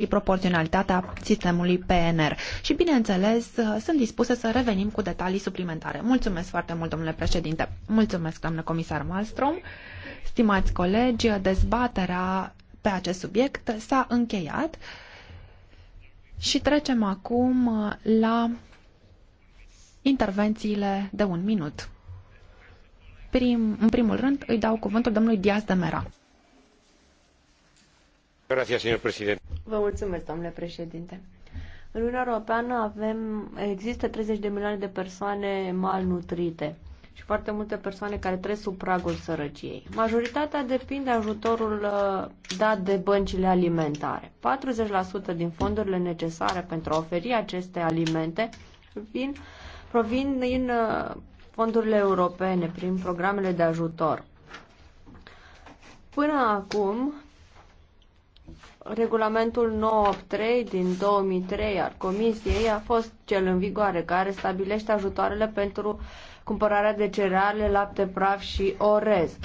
și proporționalitatea sistemului PNR. Și, bineînțeles, sunt dispuse să revenim cu detalii suplimentare. Mulțumesc foarte mult, domnule președinte. Mulțumesc, doamnă comisar Malmström. Stimați colegi, dezbaterea pe acest subiect s-a încheiat și trecem acum la intervențiile de un minut. Prim, în primul rând îi dau cuvântul domnului Diaz de Mera. Vă mulțumesc, domnule președinte. În Uniunea Europeană avem, există 30 de milioane de persoane malnutrite și foarte multe persoane care trăiesc sub pragul sărăciei. Majoritatea depinde de ajutorul uh, dat de băncile alimentare. 40% din fondurile necesare pentru a oferi aceste alimente vin, provin din uh, fondurile europene, prin programele de ajutor. Până acum, Regulamentul 93 din 2003 al Comisiei a fost cel în vigoare care stabilește ajutoarele pentru cumpărarea de cereale, lapte praf și orez.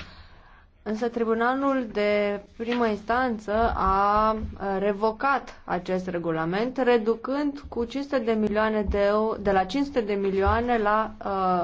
Însă Tribunalul de primă instanță a revocat acest regulament, reducând cu 500 de milioane de euro, de la 500 de milioane la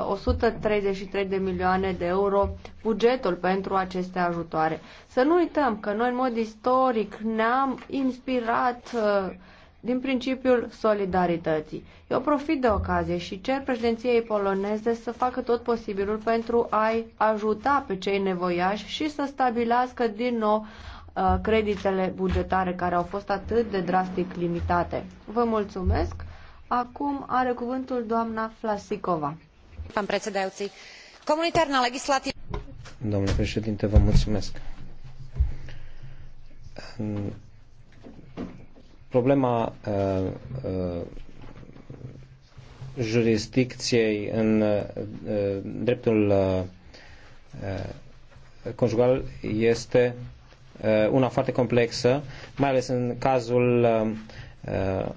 uh, 133 de milioane de euro bugetul pentru aceste ajutoare. Să nu uităm că noi în mod istoric ne-am inspirat uh, din principiul solidarității. Eu profit de ocazie și cer președinției poloneze să facă tot posibilul pentru a-i ajuta pe cei nevoiași și să stabilească din nou uh, creditele bugetare care au fost atât de drastic limitate. Vă mulțumesc. Acum are cuvântul doamna Flasicova. Comunitarna Domnule președinte, vă mulțumesc Problema uh, uh, jurisdicției în uh, dreptul uh, uh, conjugal este uh, una foarte complexă, mai ales în cazul uh, uh,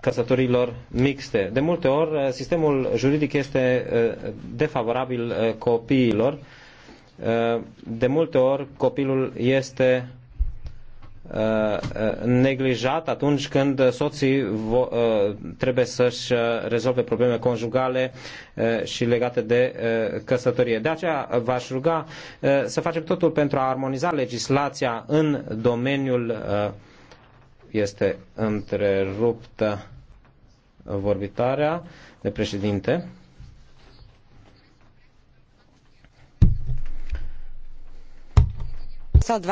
căsătorilor mixte. De multe ori, uh, sistemul juridic este uh, defavorabil copiilor. De multe ori, copilul este Uh, neglijat atunci când soții uh, trebuie să-și uh, rezolve probleme conjugale și legate de căsătorie. De aceea v-aș ruga să facem totul pentru a armoniza legislația în domeniul este întreruptă vorbitarea de președinte. two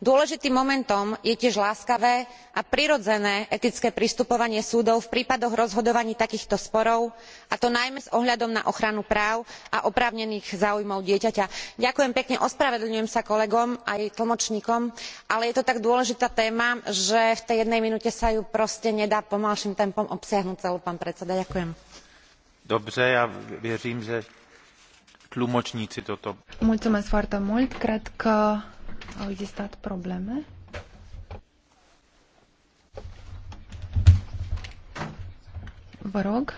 dôležitým momentom je tiež láskavé a prirodzené etické pristupovanie súdov v prípadoch rozhodovaní takýchto sporov a to najmä s ohľadom na ochranu práv a oprávnených záujmov dieťaťa. ďakujem pekne ospravedlňujem sa kolegom aj tlmočníkom ale je to tak dôležitá téma že v tej jednej minúte sa ju proste nedá pomalším tempom obsiahnuť celú pán predseda. ďakujem. Dobře, ja věřím, že tlumočníci toto. Mulțumesc foarte mult. Cred că au existat probleme? Vă rog.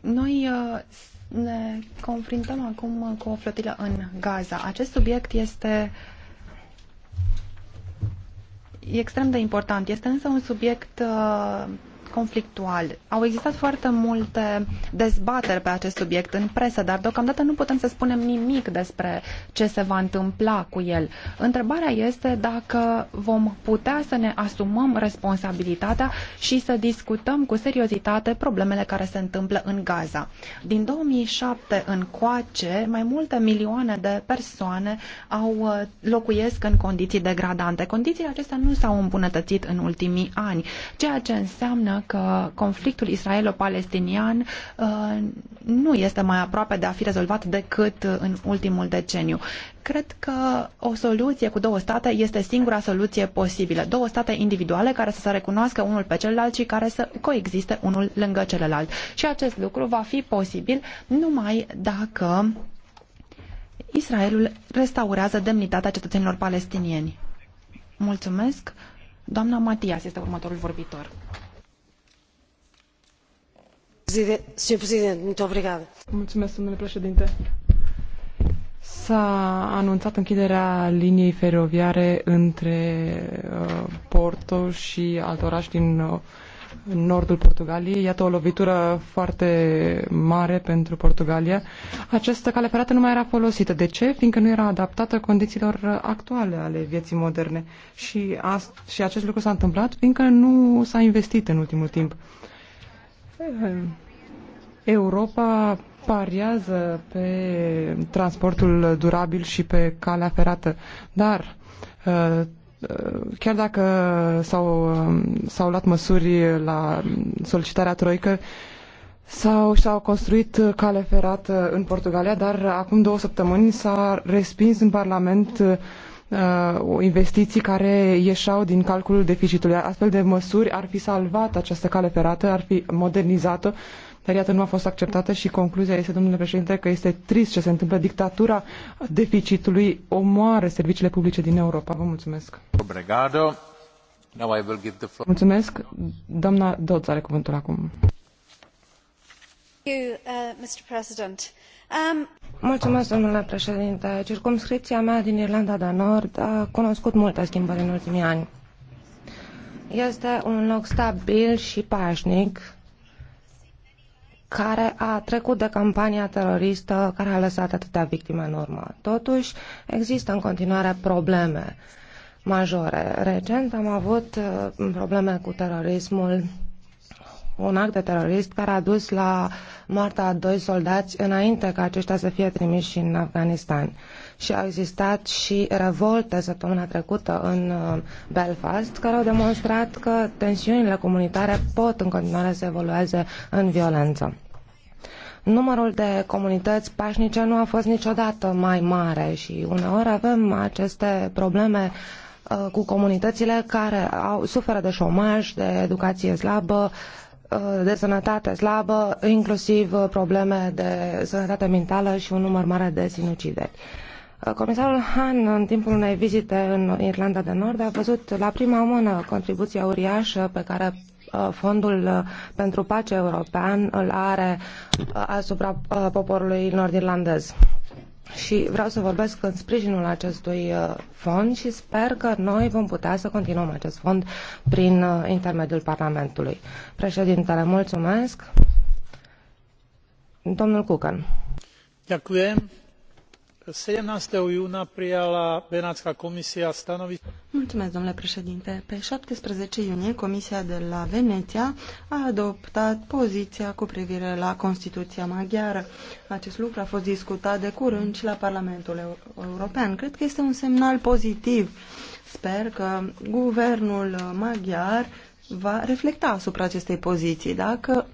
Noi uh, ne confruntăm acum cu o flotilă în Gaza. Acest subiect este extrem de important. Este însă un subiect uh, conflictual. Au existat foarte multe dezbateri pe acest subiect în presă, dar deocamdată nu putem să spunem nimic despre ce se va întâmpla cu el. Întrebarea este dacă vom putea să ne asumăm responsabilitatea și să discutăm cu seriozitate problemele care se întâmplă în Gaza. Din 2007 încoace, mai multe milioane de persoane au uh, locuiesc în condiții degradante. Condițiile acestea nu s-au îmbunătățit în ultimii ani, ceea ce înseamnă că conflictul israelo-palestinian uh, nu este mai aproape de a fi rezolvat decât în ultimul deceniu. Cred că o soluție cu două state este singura soluție posibilă. Două state individuale care să se recunoască unul pe celălalt și care să coexiste unul lângă celălalt. Și acest lucru va fi posibil numai dacă Israelul restaurează demnitatea cetățenilor palestinieni. Mulțumesc. Doamna Matias este următorul vorbitor domnule președinte. S-a anunțat închiderea liniei feroviare între uh, Porto și alt oraș din uh, nordul Portugaliei. Iată o lovitură foarte mare pentru Portugalia. Această cale ferată nu mai era folosită. De ce? Fiindcă nu era adaptată condițiilor actuale ale vieții moderne. Și, a, și acest lucru s-a întâmplat fiindcă nu s-a investit în ultimul timp. Europa pariază pe transportul durabil și pe calea ferată, dar uh, uh, chiar dacă s-au, uh, s-au luat măsuri la solicitarea troică, S-au, s-au construit cale ferată în Portugalia, dar acum două săptămâni s-a respins în Parlament uh, investiții care ieșau din calculul deficitului. Astfel de măsuri ar fi salvat această cale ferată, ar fi modernizată, dar iată nu a fost acceptată și concluzia este, domnule președinte, că este trist ce se întâmplă. Dictatura deficitului omoară serviciile publice din Europa. Vă mulțumesc. Obrigado. Now I will give the floor. Mulțumesc. Doamna Dodds are cuvântul acum. Thank you, uh, Mr. President. Um... Circumscripția mea din Irlanda de Nord a cunoscut multe schimbări în ultimii ani. Este un loc stabil și pașnic care a trecut de campania teroristă care a lăsat atâtea victime în urmă. Totuși, există în continuare probleme majore. Recent am avut uh, probleme cu terorismul un act de terorist care a dus la moartea a doi soldați înainte ca aceștia să fie trimiși în Afganistan. Și au existat și revolte săptămâna trecută în uh, Belfast care au demonstrat că tensiunile comunitare pot în continuare să evolueze în violență. Numărul de comunități pașnice nu a fost niciodată mai mare și uneori avem aceste probleme uh, cu comunitățile care au, suferă de șomaj, de educație slabă, Uh, de sănătate slabă, inclusiv uh, probleme de sănătate mentală și un număr mare de sinucideri. Uh, comisarul Han, în timpul unei vizite în Irlanda de Nord, a văzut la prima mână contribuția uriașă pe care Fondul pentru Pace European îl are asupra poporului nord-irlandez și vreau să vorbesc în sprijinul acestui uh, fond și sper că noi vom putea să continuăm acest fond prin uh, intermediul Parlamentului. Președintele, mulțumesc. Domnul Cucan. Ďakujem. 17. júna prijala Benátska komisia stanovisko. Mulțumesc, domnule președinte. Pe 17 iunie, Comisia de la Veneția a adoptat poziția cu privire la Constituția maghiară. Acest lucru a fost discutat de curând și la Parlamentul European. Cred că este un semnal pozitiv. Sper că guvernul maghiar va reflecta asupra acestei poziții. Dacă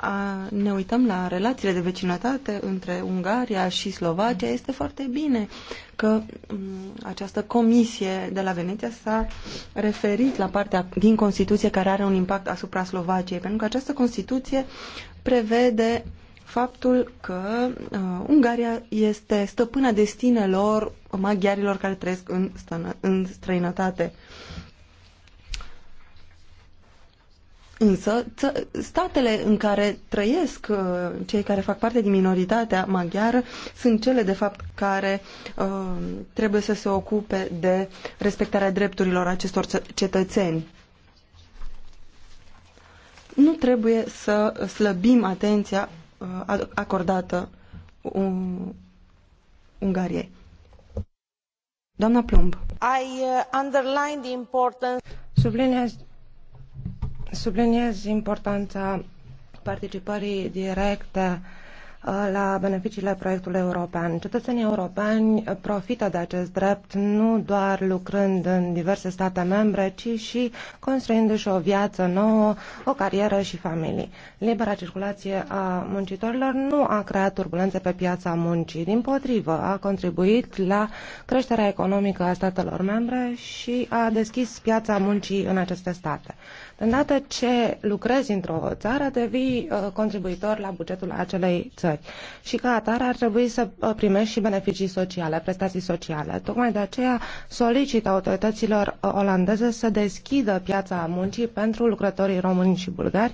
a ne uităm la relațiile de vecinătate între Ungaria și Slovacia, este foarte bine că această comisie de la Veneția s-a referit la partea din Constituție care are un impact asupra Slovaciei, pentru că această Constituție prevede faptul că uh, Ungaria este stăpâna destinelor maghiarilor care trăiesc în, stână, în străinătate. Însă, statele în care trăiesc uh, cei care fac parte din minoritatea maghiară sunt cele, de fapt, care uh, trebuie să se ocupe de respectarea drepturilor acestor cetățeni. Nu trebuie să slăbim atenția uh, acordată Ungariei. Doamna Plumb. I underline the importance... Subliniez Subliniez importanța participării directe uh, la beneficiile proiectului european. Cetățenii europeni profită de acest drept nu doar lucrând în diverse state membre, ci și construindu-și o viață nouă, o carieră și familii. Libera circulație a muncitorilor nu a creat turbulențe pe piața muncii, din potrivă a contribuit la creșterea economică a statelor membre și a deschis piața muncii în aceste state. Îndată ce lucrezi într-o țară, devii uh, contribuitor la bugetul acelei țări și ca atare ar trebui să uh, primești și beneficii sociale, prestații sociale. Tocmai de aceea solicit autorităților uh, olandeze să deschidă piața muncii pentru lucrătorii români și bulgari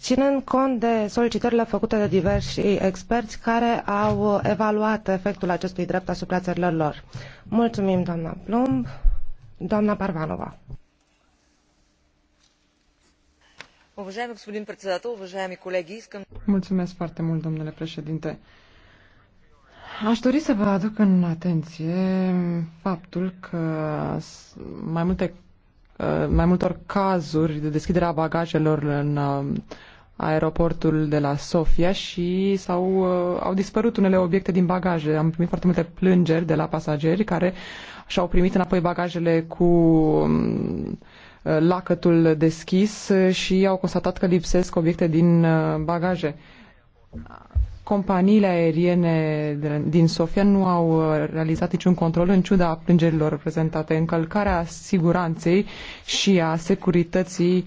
ținând cont de solicitările făcute de diversi experți care au evaluat efectul acestui drept asupra țărilor lor. Mulțumim, doamna Plumb. Doamna Parvanova. Mulțumesc foarte mult, domnule președinte. Aș dori să vă aduc în atenție faptul că mai multe mai multor cazuri de deschidere a bagajelor în uh, aeroportul de la Sofia și s-au, uh, au dispărut unele obiecte din bagaje. Am primit foarte multe plângeri de la pasageri care și-au primit înapoi bagajele cu um, Uh, lacătul deschis uh, și au constatat că lipsesc obiecte din uh, bagaje. Companiile aeriene din Sofia nu au realizat niciun control în ciuda plângerilor prezentate. Încălcarea siguranței și a securității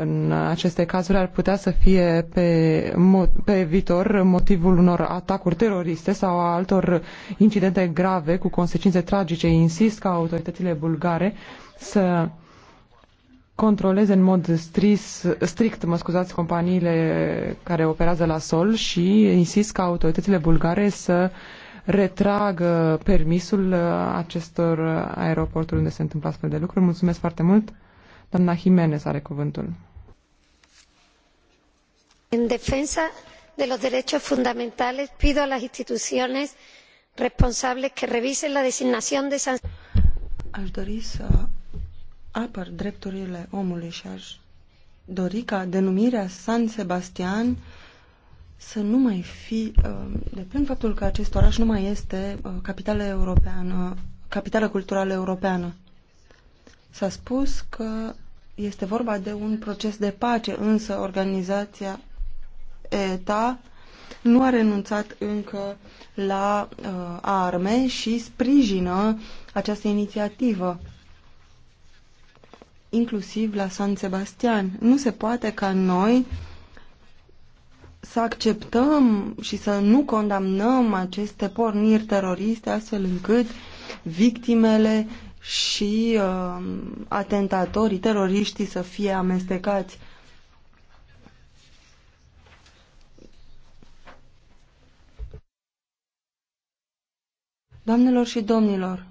în aceste cazuri ar putea să fie pe, pe viitor motivul unor atacuri teroriste sau a altor incidente grave cu consecințe tragice. Insist ca autoritățile bulgare să controleze în mod stris, strict mă scuzați, companiile care operează la sol și insist ca autoritățile bulgare să retragă permisul acestor aeroporturi unde se întâmplă astfel de lucruri. Mulțumesc foarte mult. Doamna Jimenez are cuvântul. În defensa de los derechos fundamentales pido a las instituciones responsables que revisen la designación de sanciones. Aș dori să apăr drepturile omului și aș dori ca denumirea San Sebastian să nu mai fi uh, de plin faptul că acest oraș nu mai este uh, capitală europeană, capitală culturală europeană. S-a spus că este vorba de un proces de pace, însă organizația ETA nu a renunțat încă la uh, arme și sprijină această inițiativă inclusiv la San Sebastian. Nu se poate ca noi să acceptăm și să nu condamnăm aceste porniri teroriste astfel încât victimele și uh, atentatorii, teroriștii să fie amestecați. Doamnelor și domnilor,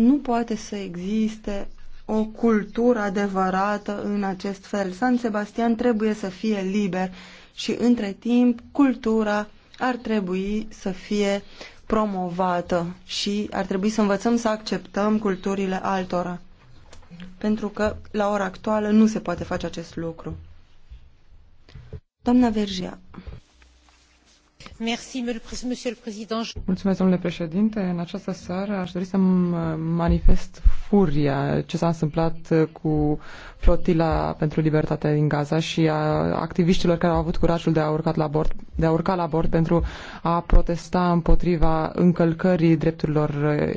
nu poate să existe o cultură adevărată în acest fel. San Sebastian trebuie să fie liber și între timp cultura ar trebui să fie promovată și ar trebui să învățăm să acceptăm culturile altora. Pentru că la ora actuală nu se poate face acest lucru. Doamna Vergia. Mulțumesc, domnule președinte. În această seară aș dori să uh, manifest furia ce s-a întâmplat cu flotila pentru libertate din Gaza și a activiștilor care au avut curajul de a, urcat la bord, de a urca la bord pentru a protesta împotriva încălcării drepturilor,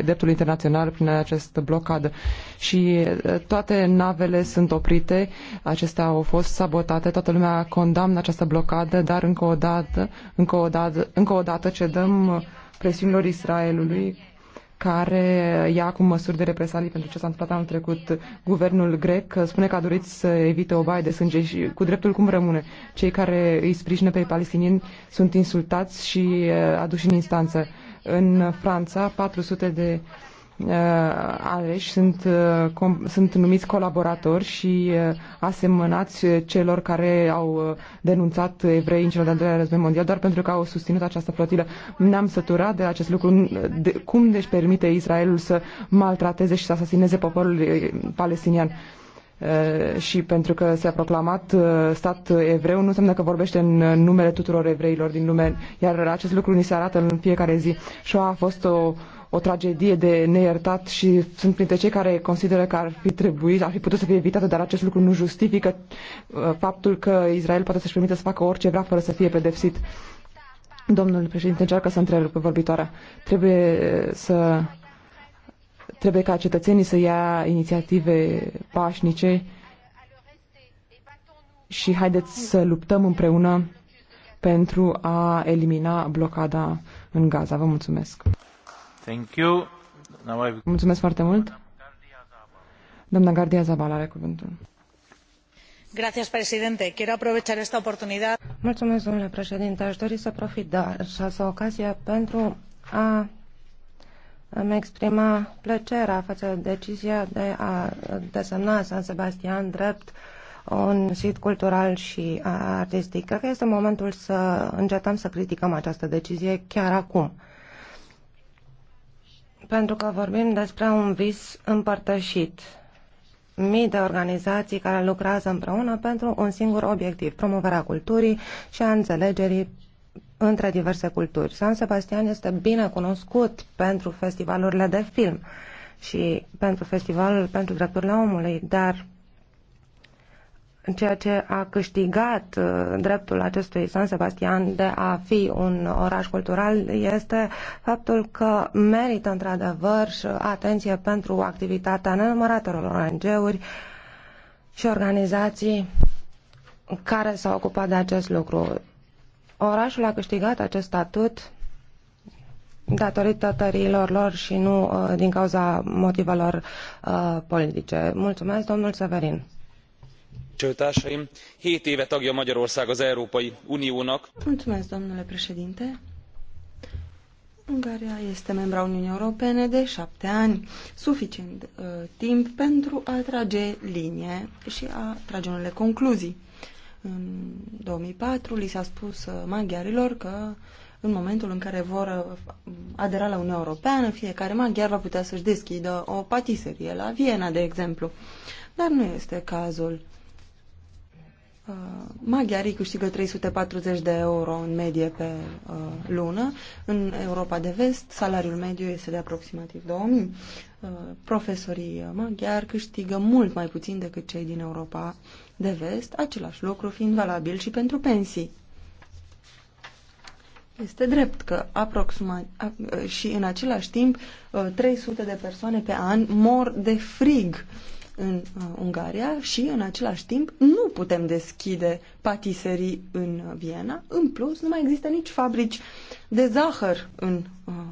dreptului internațional prin această blocadă. Și eh, toate navele sunt oprite, acestea au fost sabotate, toată lumea condamnă această blocadă, dar încă o dată, încă o dată, încă o dată cedăm presiunilor Israelului care ia acum măsuri de represalii pentru ce s-a întâmplat anul trecut. Guvernul grec spune că a dorit să evite o baie de sânge și cu dreptul cum rămâne. Cei care îi sprijină pe palestinieni sunt insultați și eh, aduși în instanță. În Franța, 400 de Uh, aleși sunt, uh, sunt numiți colaboratori și uh, asemănați celor care au denunțat evrei în cel de-al doilea război mondial doar pentru că au susținut această flotilă. Ne-am săturat de acest lucru. De, cum deci permite Israelul să maltrateze și să asasineze poporul palestinian? și pentru că s-a proclamat stat evreu, nu înseamnă că vorbește în numele tuturor evreilor din lume, iar acest lucru ni se arată în fiecare zi. Și a fost o o tragedie de neiertat și sunt printre cei care consideră că ar fi trebuit, ar fi putut să fie evitată, dar acest lucru nu justifică uh, faptul că Israel poate să-și permită să facă orice vrea fără să fie pedepsit. Domnul președinte încearcă să întrerupă vorbitoarea. Trebuie uh, să trebuie ca cetățenii să ia inițiative pașnice și haideți să luptăm împreună pentru a elimina blocada în Gaza. Vă mulțumesc! Mulțumesc foarte mult. Doamna Gardia Zabala are cuvântul. Gracias, presidente. Quiero aprovechar esta oportunidad. Mulțumesc, domnule președinte. Aș dori să profit de această ocazie pentru a îmi exprima plăcerea față de decizia de a desemna San Sebastian drept un sit cultural și artistic. Cred că este momentul să încetăm să criticăm această decizie chiar acum pentru că vorbim despre un vis împărtășit. Mii de organizații care lucrează împreună pentru un singur obiectiv, promovarea culturii și a înțelegerii între diverse culturi. San Sebastian este bine cunoscut pentru festivalurile de film și pentru festivalul pentru drepturile omului, dar ceea ce a câștigat uh, dreptul acestui San Sebastian de a fi un oraș cultural este faptul că merită într-adevăr atenție pentru activitatea nenumăratelor ONG-uri și organizații care s-au ocupat de acest lucru. Orașul a câștigat acest statut datorită tăriilor lor și nu uh, din cauza motivelor uh, politice. Mulțumesc, domnul Severin hét éve tagja magyarország az európai uniónak. ungaria este membră a uniunii europene de șapte ani suficient uh, timp pentru a trage linie și a trage unele concluzii. În 2004 li s-a spus uh, maghiarilor că în momentul în care vor uh, adera la Uniunea Europeană, fiecare maghiar va putea să-și deschidă o patiserie la Viena, de exemplu. Dar nu este cazul. Uh, maghiarii câștigă 340 de euro în medie pe uh, lună. În Europa de Vest, salariul mediu este de aproximativ 2000. Uh, profesorii maghiari câștigă mult mai puțin decât cei din Europa de Vest, același lucru fiind valabil și pentru pensii. Este drept că a, și în același timp 300 uh, de persoane pe an mor de frig uh, în uh, Ungaria și, în același timp, nu putem deschide patiserii în uh, Viena. În plus, nu mai există nici fabrici de zahăr în,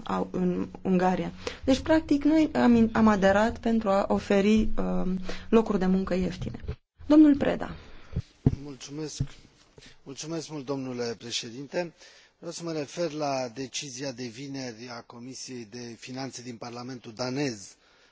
uh, în Ungaria. Deci, practic, noi am, am aderat pentru a oferi uh, locuri de muncă ieftine. Domnul Preda. Mulțumesc. Mulțumesc mult, domnule președinte. Vreau să mă refer la decizia de vineri a Comisiei de Finanțe din Parlamentul danez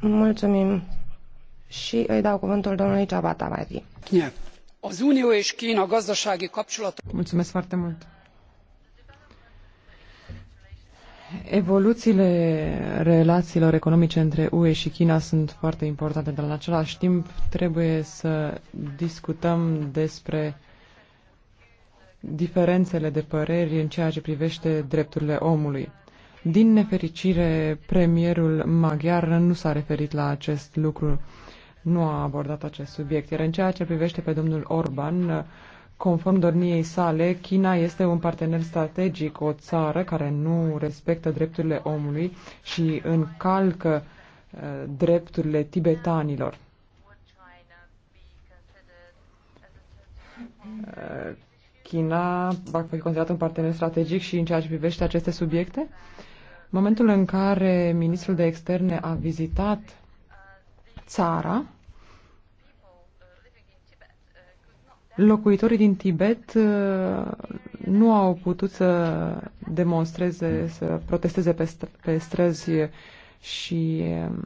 Mulțumim. Și îi dau cuvântul domnului Ceabata Mari. Az Unió és Kína gazdasági kapcsolatok... Mulțumesc foarte mult. Evoluțiile relațiilor economice între UE și China sunt foarte importante, dar în același timp trebuie să discutăm despre diferențele de păreri în ceea ce privește drepturile omului. Din nefericire, premierul maghiar nu s-a referit la acest lucru, nu a abordat acest subiect. Iar în ceea ce privește pe domnul Orban, conform dorniei sale, China este un partener strategic, o țară care nu respectă drepturile omului și încalcă uh, drepturile tibetanilor. Uh, China va fi considerat un partener strategic și în ceea ce privește aceste subiecte? Uh, momentul în care ministrul de externe a vizitat țara, locuitorii din Tibet uh, nu au putut să demonstreze, să protesteze pe, str- pe străzi și um,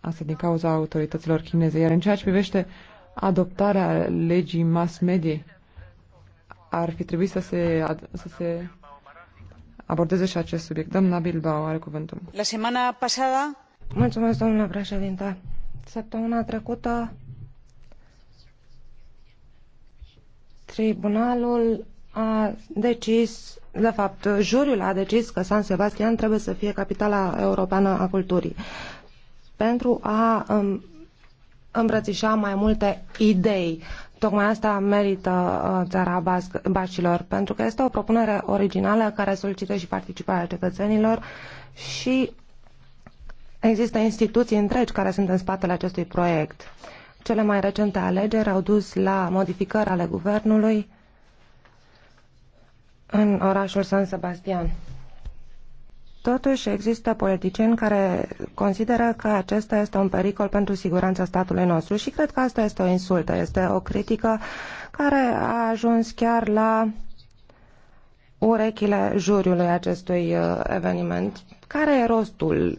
asta din cauza autorităților chineze. Iar în ceea ce privește adoptarea legii mass media, ar fi trebuit să se, să se abordeze și acest subiect. Doamna Bilbao are cuvântul. La semana pasada... Mulțumesc, domnule președinte. Săptămâna trecută, tribunalul a decis, de fapt, juriul a decis că San Sebastian trebuie să fie capitala europeană a culturii pentru a um, îmbrățișa mai multe idei Tocmai asta merită uh, țara basc, pentru că este o propunere originală care solicită și participarea cetățenilor și există instituții întregi care sunt în spatele acestui proiect. Cele mai recente alegeri au dus la modificări ale guvernului în orașul San Sebastian. Totuși, există politicieni care consideră că acesta este un pericol pentru siguranța statului nostru și cred că asta este o insultă, este o critică care a ajuns chiar la urechile juriului acestui uh, eveniment. Care e rostul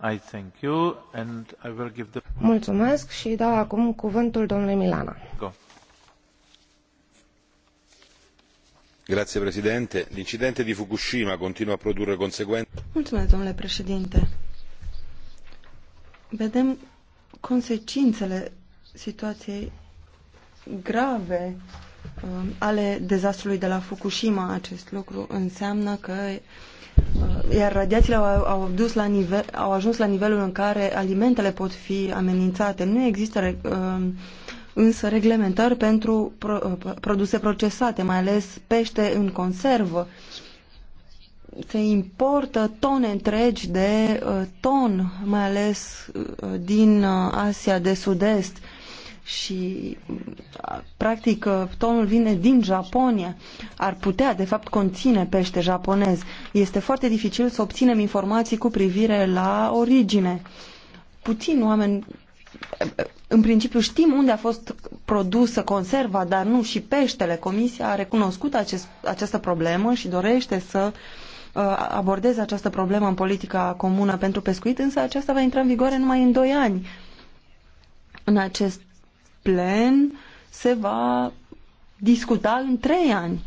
I thank you and I will give the... Mulțumesc și dau acum cuvântul domnului Milana. Go. Grazie, Presidente. L'incidente di Fukushima continua a produrre conseguenze. Mulțumesc, domnule președinte. Vedem consecințele situației grave Um, ale dezastrului de la Fukushima. Acest lucru înseamnă că uh, iar radiațiile au, au, dus la nivel, au ajuns la nivelul în care alimentele pot fi amenințate. Nu există um, însă reglementări pentru uh, produse procesate, mai ales pește în conservă. Se importă tone întregi de uh, ton, mai ales din Asia de Sud-Est și practic tonul vine din Japonia, ar putea de fapt conține pește japonez. Este foarte dificil să obținem informații cu privire la origine. Puțin oameni în principiu știm unde a fost produsă conserva, dar nu și peștele. Comisia a recunoscut acest, această problemă și dorește să uh, abordeze această problemă în politica comună pentru pescuit, însă aceasta va intra în vigoare numai în 2 ani. În acest plen se va discuta în trei ani.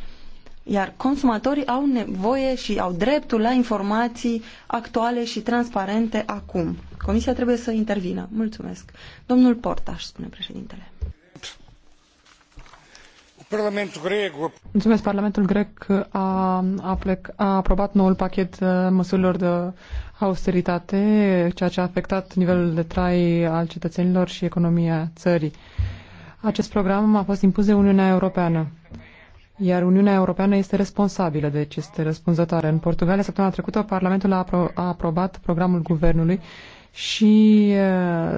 Iar consumatorii au nevoie și au dreptul la informații actuale și transparente acum. Comisia trebuie să intervină. Mulțumesc. Domnul Portaș, spune președintele. Parlamentul grec. Mulțumesc. Parlamentul grec a, a, plec, a aprobat noul pachet uh, măsurilor de austeritate, ceea ce a afectat nivelul de trai al cetățenilor și economia țării. Acest program a fost impus de Uniunea Europeană, iar Uniunea Europeană este responsabilă, deci este răspunzătoare. În Portugalia, săptămâna trecută, Parlamentul a, apro- a aprobat programul guvernului și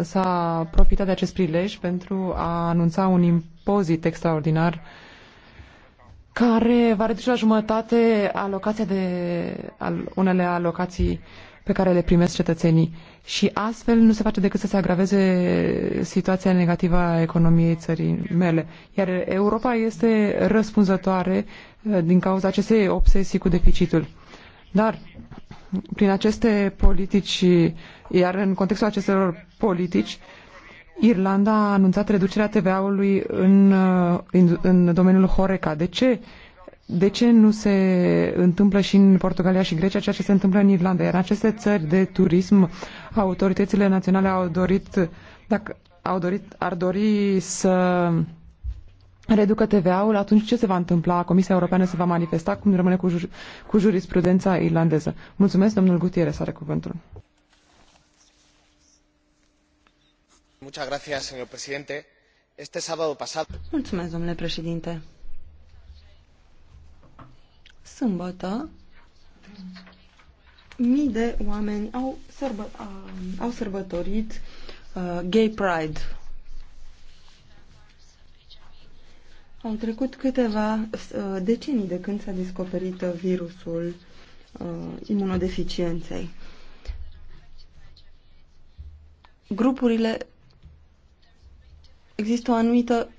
s-a profitat de acest prilej pentru a anunța un impozit extraordinar care va reduce la jumătate alocația de al, unele alocații uh, pe care le primesc cetățenii. Și astfel nu se face decât să se agraveze situația negativă a economiei țării mele. Iar Europa este răspunzătoare eh, din cauza acestei obsesii cu deficitul. Dar prin aceste politici, iar în contextul acestor politici, Irlanda a anunțat reducerea TVA-ului în, în, eh, în domeniul Horeca. De ce de ce nu se întâmplă și în Portugalia și Grecia ceea ce se întâmplă în Irlanda? Iar în aceste țări de turism, autoritățile naționale au dorit, dacă au dorit, ar dori să reducă TVA-ul, atunci ce se va întâmpla? Comisia Europeană se va manifesta? Cum rămâne cu, jur- cu jurisprudența irlandeză? Mulțumesc, domnul Gutierrez are cuvântul. Muchas gracias, señor presidente. Este sábado pasado... Mulțumesc, domnule președinte sâmbătă, mii de oameni au, sărbă, au sărbătorit uh, Gay Pride. Au trecut câteva uh, decenii de când s-a descoperit uh, virusul uh, imunodeficienței. Grupurile există o anumită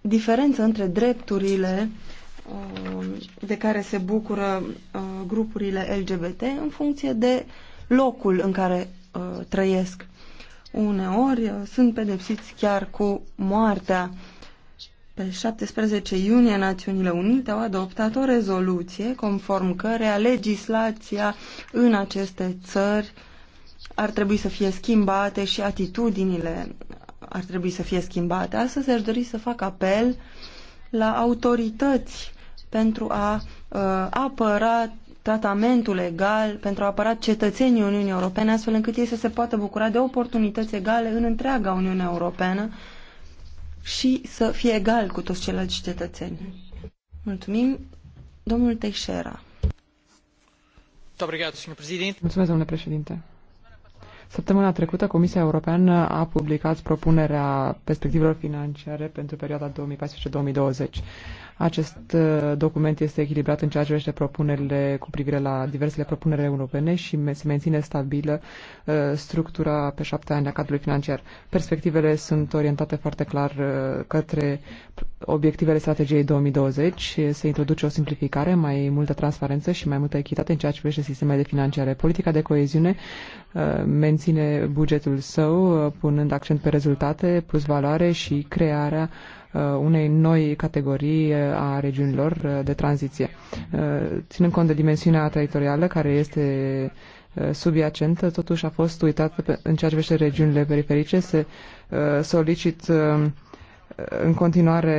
diferență între drepturile uh, Um, de care se bucură uh, grupurile LGBT în funcție de locul în care uh, trăiesc. Uneori uh, sunt pedepsiți chiar cu moartea. Pe 17 iunie, Națiunile Unite au adoptat o rezoluție conform cărea legislația în aceste țări ar trebui să fie schimbate și atitudinile ar trebui să fie schimbate. Astăzi aș dori să fac apel la autorități pentru a uh, apăra tratamentul egal, pentru a apăra cetățenii Uniunii Europene, astfel încât ei să se poată bucura de oportunități egale în întreaga Uniune Europeană și să fie egal cu toți ceilalți cetățeni. Mulțumim. Domnul Teixeira. Mulțumesc, domnule președinte. Săptămâna trecută, Comisia Europeană a publicat propunerea perspectivelor financiare pentru perioada 2014-2020. Acest uh, document este echilibrat în ceea ce privește propunerile cu privire la diversele propuneri europene și se menține stabilă uh, structura pe șapte ani a cadrului financiar. Perspectivele sunt orientate foarte clar uh, către obiectivele strategiei 2020. Se introduce o simplificare, mai multă transparență și mai multă echitate în ceea ce privește sistemele de financiare. Politica de coeziune menține bugetul său, punând accent pe rezultate, plus valoare și crearea Uh, unei noi categorii uh, a regiunilor uh, de tranziție. Ținând cont de dimensiunea teritorială care este subiacentă, totuși a fost uitat în ceea ce privește regiunile periferice, se solicit în continuare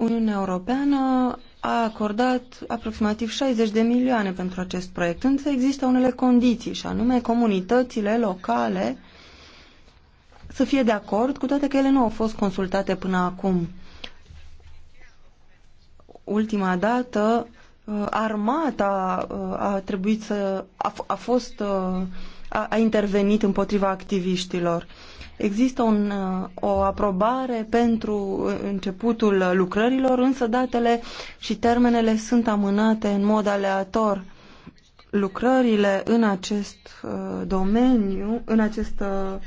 Uniunea Europeană a acordat aproximativ 60 de milioane pentru acest proiect, însă există unele condiții, și anume comunitățile locale să fie de acord, cu toate că ele nu au fost consultate până acum. Ultima dată, uh, armata uh, a trebuit să... a, a fost... Uh, a, a intervenit împotriva activiștilor. Există un, uh, o aprobare pentru uh, începutul lucrărilor, însă datele și termenele sunt amânate în mod aleator. Lucrările în acest uh, domeniu, în această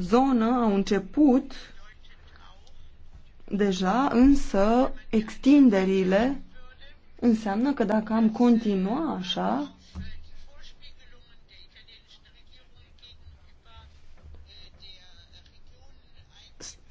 zonă, au început deja, însă extinderile înseamnă că dacă am continua așa,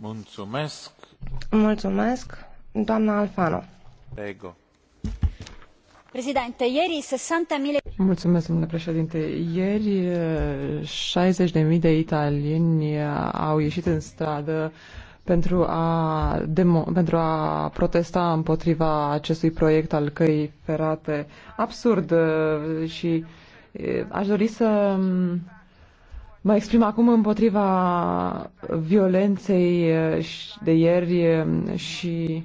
Mulțumesc. Mulțumesc. Doamna Alfano. Prego. Președinte, ieri 60.000... Mulțumesc, domnule președinte. Ieri 60.000 eh, de italieni au ieșit în stradă pentru a, demo, pentru a protesta împotriva acestui proiect al căii ferate absurd eh, și eh, aș dori să mm, Mă exprim acum împotriva violenței eh, de ieri eh, și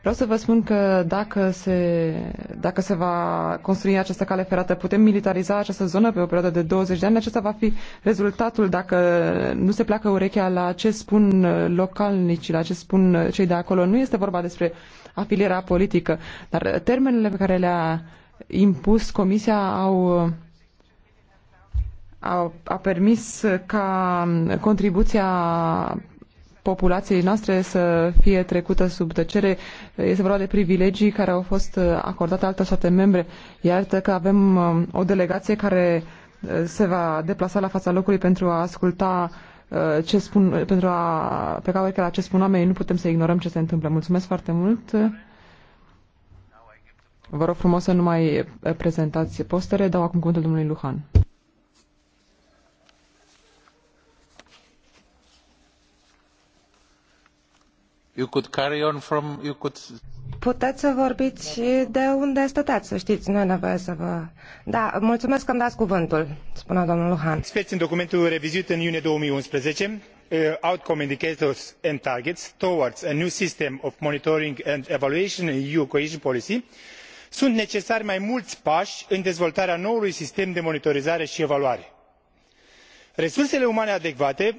vreau să vă spun că dacă se, dacă se va construi această cale ferată, putem militariza această zonă pe o perioadă de 20 de ani. Acesta va fi rezultatul dacă nu se pleacă urechea la ce spun eh, localnicii, la ce spun cei de acolo. Nu este vorba despre afilierea politică, dar termenele pe care le-a impus Comisia au a, a permis ca contribuția populației noastre să fie trecută sub tăcere. Este vorba de privilegii care au fost acordate altor state membre. Iată că avem uh, o delegație care uh, se va deplasa la fața locului pentru a asculta uh, ce spun, pentru a care la ce spun oamenii. Nu putem să ignorăm ce se întâmplă. Mulțumesc foarte mult. Vă rog frumos să nu mai prezentați postere. Dau acum cuvântul domnului Luhan. Puteți să vorbiți de unde stăteați, să știți, nu e nevoie să vă... Da, mulțumesc că îmi dați cuvântul, spune domnul Luhan. Experți în documentul revizuit în iunie 2011, uh, outcome indicators and targets towards a new system of monitoring and evaluation in eu cohesion policy sunt necesari mai mulți pași în dezvoltarea noului sistem de monitorizare și evaluare. resursele umane adecvate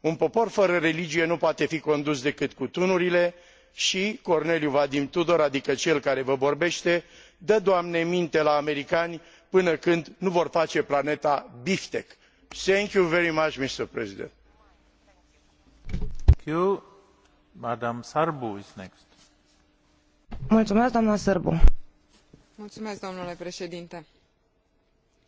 un popor fără religie nu poate fi condus decât cu tunurile și corneliu vadim tudor adică cel care vă vorbete dă doamne minte la americani până când nu vor face planeta biftec. thank you very much mr president. Mulțumesc,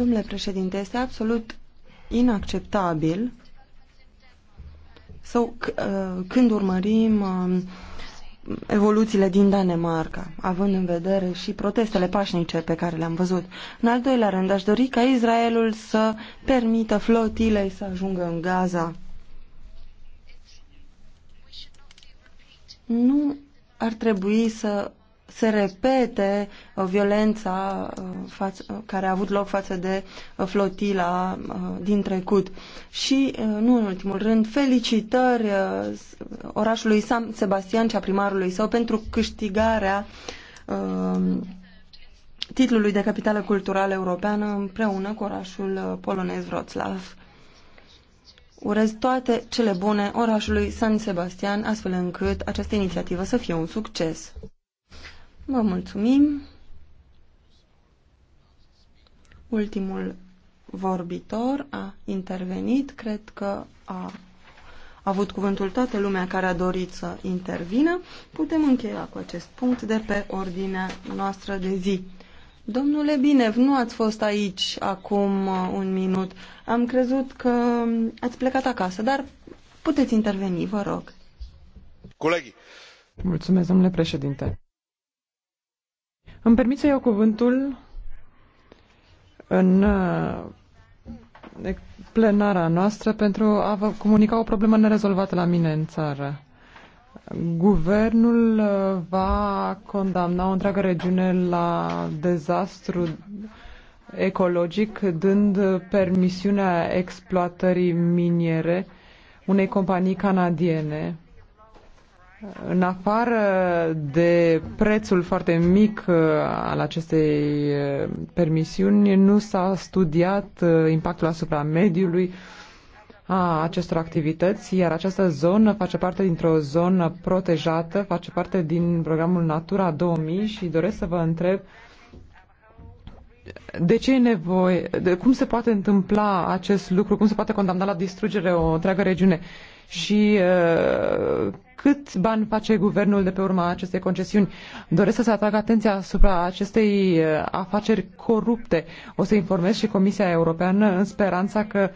Domnule președinte, este absolut inacceptabil sau uh, când urmărim uh, evoluțiile din Danemarca, având în vedere și protestele pașnice pe care le-am văzut. În al doilea rând, aș dori ca Israelul să permită flotilei să ajungă în Gaza. Nu ar trebui să se repete uh, violența uh, uh, care a avut loc față de flotila din trecut. Și, nu în ultimul rând, felicitări orașului San Sebastian și a primarului său pentru câștigarea um, titlului de capitală culturală europeană împreună cu orașul polonez Wroclaw. Urez toate cele bune orașului San Sebastian, astfel încât această inițiativă să fie un succes. Vă mulțumim. Ultimul vorbitor a intervenit. Cred că a avut cuvântul toată lumea care a dorit să intervină. Putem încheia cu acest punct de pe ordinea noastră de zi. Domnule Binev, nu ați fost aici acum uh, un minut. Am crezut că ați plecat acasă, dar puteți interveni, vă rog. Colegi. Mulțumesc, domnule președinte. Îmi permit să iau cuvântul în uh, plenara noastră pentru a vă comunica o problemă nerezolvată la mine în țară. Guvernul uh, va condamna o întreagă regiune la dezastru ecologic, dând permisiunea exploatării miniere unei companii canadiene în afară de prețul foarte mic uh, al acestei uh, permisiuni, nu s-a studiat uh, impactul asupra mediului a acestor activități, iar această zonă face parte dintr-o zonă protejată, face parte din programul Natura 2000 și doresc să vă întreb de ce e nevoie, de cum se poate întâmpla acest lucru, cum se poate condamna la distrugere o întreagă regiune și uh, cât bani face guvernul de pe urma acestei concesiuni. Doresc să se atrag atenția asupra acestei uh, afaceri corupte. O să informez și Comisia Europeană în speranța că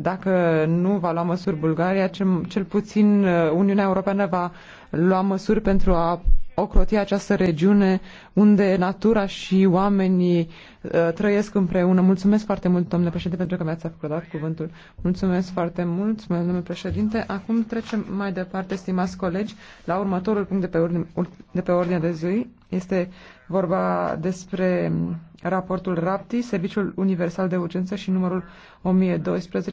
dacă nu va lua măsuri Bulgaria, cel, cel puțin uh, Uniunea Europeană va lua măsuri pentru a ocroti această regiune unde natura și oamenii uh, trăiesc împreună. Mulțumesc foarte mult, domnule președinte, pentru că mi-ați acordat cuvântul. Mulțumesc foarte mult, domnule președinte. Acum trecem mai departe, stimați colegi, la următorul punct de pe, ordine, de pe ordinea de zi. Este vorba despre mm, raportul RAPTI, Serviciul Universal de Urgență și numărul 1012.